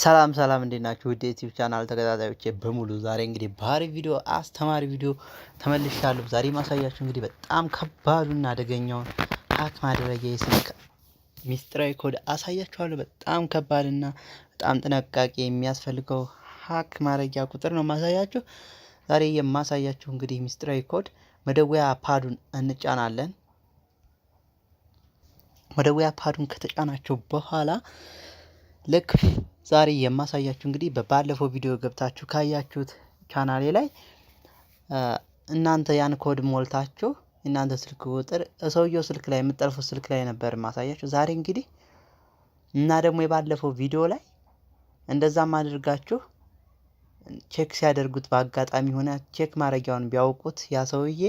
ሰላም ሰላም እንዴት ናችሁ? ውድ ዩቲዩብ ቻናል ተከታታዮች በሙሉ ዛሬ እንግዲህ ባህሪ ቪዲዮ አስተማሪ ቪዲዮ ተመልሻለሁ። ዛሬ ማሳያችሁ እንግዲህ በጣም ከባዱና አደገኛውን ሀክ ማድረጊያ የስልክ ሚስጥራዊ ኮድ አሳያችኋለሁ። በጣም ከባድና በጣም ጥንቃቄ የሚያስፈልገው ሀክ ማድረጊያ ቁጥር ነው ማሳያችሁ። ዛሬ የማሳያችሁ እንግዲህ ሚስጥራዊ ኮድ መደወያ ፓዱን እንጫናለን። መደወያ ፓዱን ከተጫናቸው በኋላ ልክ ዛሬ የማሳያችሁ እንግዲህ በባለፈው ቪዲዮ ገብታችሁ ካያችሁት ቻናሌ ላይ እናንተ ያን ኮድ ሞልታችሁ እናንተ ስልክ ቁጥር ሰውየው ስልክ ላይ የምጠልፉት ስልክ ላይ ነበር ማሳያችሁ። ዛሬ እንግዲህ እና ደግሞ የባለፈው ቪዲዮ ላይ እንደዛም አድርጋችሁ ቼክ ሲያደርጉት በአጋጣሚ ሆነ ቼክ ማድረጊያውን ቢያውቁት ያ ሰውዬ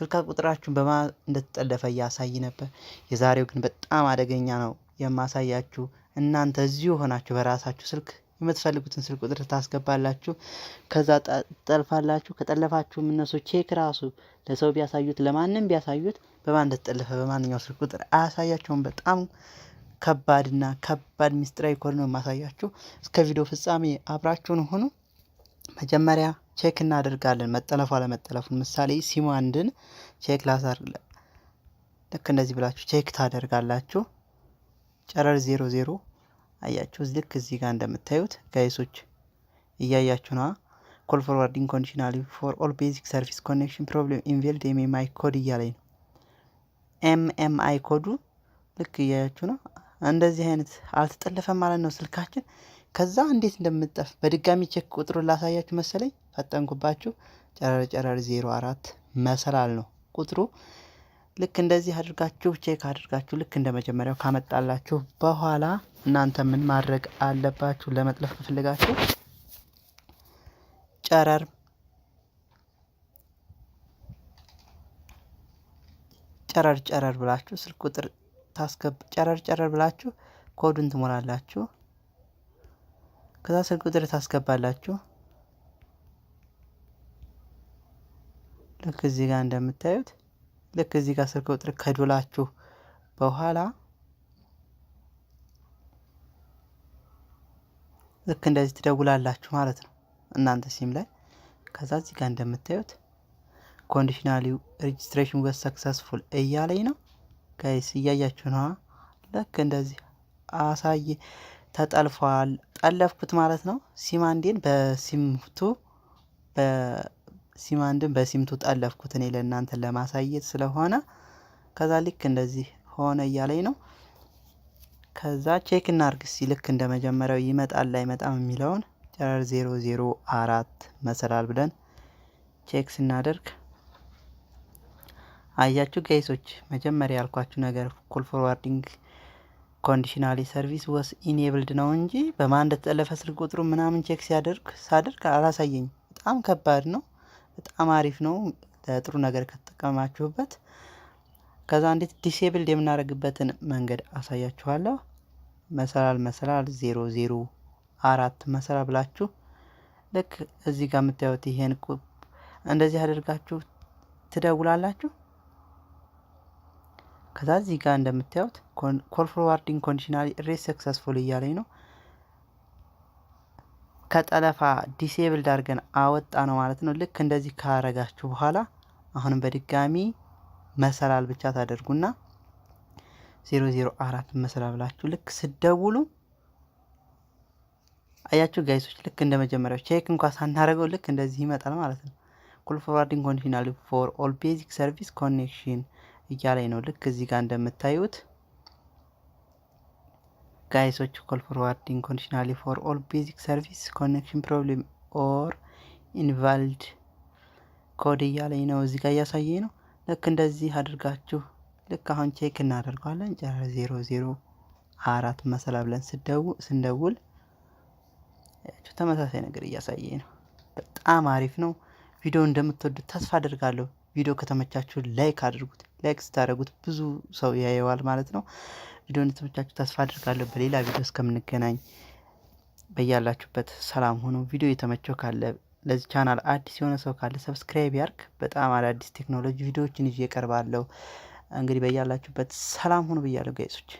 ስልክ ቁጥራችሁን በማ እንደተጠለፈ እያሳይ ነበር። የዛሬው ግን በጣም አደገኛ ነው የማሳያችሁ። እናንተ እዚሁ ሆናችሁ በራሳችሁ ስልክ የምትፈልጉትን ስልክ ቁጥር ታስገባላችሁ። ከዛ ጠልፋላችሁ። ከጠለፋችሁም እነሱ ቼክ ራሱ ለሰው ቢያሳዩት ለማንም ቢያሳዩት በማን እንደተጠለፈ በማንኛው ስልክ ቁጥር አያሳያቸውም። በጣም ከባድና ከባድ ሚስጥራዊ ኮድ ነው የማሳያችሁ። እስከ ቪዲዮ ፍጻሜ አብራችሁን ሆኑ። መጀመሪያ ቼክ እናደርጋለን መጠለፉ አለመጠለፉን። ምሳሌ ሲሙ አንድን ቼክ ላሳር፣ ልክ እንደዚህ ብላችሁ ቼክ ታደርጋላችሁ። ጨረር ዜሮ ዜሮ አያችሁ ልክ እዚህ ጋር እንደምታዩት ጋይሶች እያያችሁ ነዋ። ኮል ፎርዋርዲንግ ኮንዲሽናሊ ፎር ኦል ቤዚክ ሰርቪስ ኮኔክሽን ፕሮብሌም ኢንቬልድ ኤምኤምአይ ኮድ እያለኝ ነው። ኤምኤምአይ ኮዱ ልክ እያያችሁ ነው። እንደዚህ አይነት አልተጠለፈም ማለት ነው ስልካችን። ከዛ እንዴት እንደምጠፍ በድጋሚ ቼክ ቁጥሩን ላሳያችሁ መሰለኝ ፈጠንኩባችሁ። ጨረር ጨረር ዜሮ አራት መሰላል ነው ቁጥሩ ልክ እንደዚህ አድርጋችሁ ቼክ አድርጋችሁ ልክ እንደ መጀመሪያው ካመጣላችሁ በኋላ እናንተ ምን ማድረግ አለባችሁ? ለመጥለፍ ከፈለጋችሁ ጨረር ጨረር ጨረር ብላችሁ ስልክ ቁጥር ታስገብ ጨረር ጨረር ብላችሁ ኮዱን ትሞላላችሁ። ከዛ ስልክ ቁጥር ታስገባላችሁ። ልክ እዚህ ጋር እንደምታዩት ልክ እዚህ ጋር ስልክ ቁጥር ከዶላችሁ በኋላ ልክ እንደዚህ ትደውላላችሁ ማለት ነው እናንተ ሲም ላይ። ከዛ እዚህ ጋር እንደምታዩት ኮንዲሽናሊ ሬጅስትሬሽን ወስ ሰክሰስፉል እያለኝ ነው ጋይስ፣ እያያችሁ ነዋ። ልክ እንደዚህ አሳይ ተጠልፏል። ጠለፍኩት ማለት ነው። ሲም አንዴን በሲምቱ ሲም አንድን በሲምቱ ጠለፍኩት እኔ ለእናንተ ለማሳየት ስለሆነ ከዛ ልክ እንደዚህ ሆነ እያለኝ ነው። ከዛ ቼክ እናርግ ሲ ልክ እንደ መጀመሪያው ይመጣል አይመጣም የሚለውን ጨረር ዜሮ ዜሮ አራት መሰላል ብለን ቼክ ስናደርግ አያችሁ ጋይሶች፣ መጀመሪያ ያልኳችሁ ነገር ኮል ፎርዋርዲንግ ኮንዲሽናሊ ሰርቪስ ወስ ኢኔብልድ ነው እንጂ በማን እንደተጠለፈ ስልክ ቁጥሩ ምናምን ቼክ ሲያደርግ ሳደርግ አላሳየኝ። በጣም ከባድ ነው። በጣም አሪፍ ነው። ለጥሩ ነገር ከተጠቀማችሁበት። ከዛ እንዴት ዲሴብልድ የምናደርግበትን መንገድ አሳያችኋለሁ። መሰላል መሰላል ዜሮ ዜሮ አራት መሰላል ብላችሁ ልክ እዚህ ጋር የምታዩት ይሄን እንደዚህ አድርጋችሁ ትደውላላችሁ። ከዛ እዚህ ጋር እንደምታዩት ኮል ፎርዋርዲንግ ኮንዲሽናል ሬስ ሰክሰስፉል እያለኝ ነው። ከጠለፋ ዲሴብልድ አድርገን አወጣ ነው ማለት ነው። ልክ እንደዚህ ካረጋችሁ በኋላ አሁንም በድጋሚ መሰላል ብቻ ታደርጉና 004 መሰላል ብላችሁ ልክ ስደውሉ አያችሁ ጋይሶች፣ ልክ እንደ መጀመሪያው ቼክ እንኳ ሳናደርገው ልክ እንደዚህ ይመጣል ማለት ነው። ኩል ፎርዋርዲንግ ኮንዲሽናል ፎር ኦል ቤዚክ ሰርቪስ ኮኔክሽን እያላይ ነው ልክ እዚህ ጋር እንደምታዩት ጋይሶች what you call forwarding conditionally for all ኮኔክሽን ፕሮብሌም ኦር ኢንቫልድ ኮድ እያለኝ ነው እዚህ ጋር እያሳየኝ ነው ልክ እንደዚህ አድርጋችሁ ልክ አሁን ቼክ እናደርገዋለን ጨረር ዜሮ ዜሮ አራት መሰላ ብለን ስንደውል ተመሳሳይ ነገር እያሳየኝ ነው በጣም አሪፍ ነው ቪዲዮ እንደምትወዱት ተስፋ አድርጋለሁ ቪዲዮ ከተመቻችሁ ላይክ አድርጉት ላይክ ስታደርጉት ብዙ ሰው ያየዋል ማለት ነው ቪዲዮ እንደተመቻችሁ ተስፋ አድርጋለሁ። በሌላ ቪዲዮ እስከምንገናኝ በያላችሁበት ሰላም ሆኖ ቪዲዮ የተመቸው ካለ ለዚህ ቻናል አዲስ የሆነ ሰው ካለ ሰብስክራይብ ያርግ። በጣም አዳዲስ ቴክኖሎጂ ቪዲዮዎችን ይዤ እቀርባለሁ። እንግዲህ በያላችሁበት ሰላም ሆኖ ብያለሁ ጋይሶች።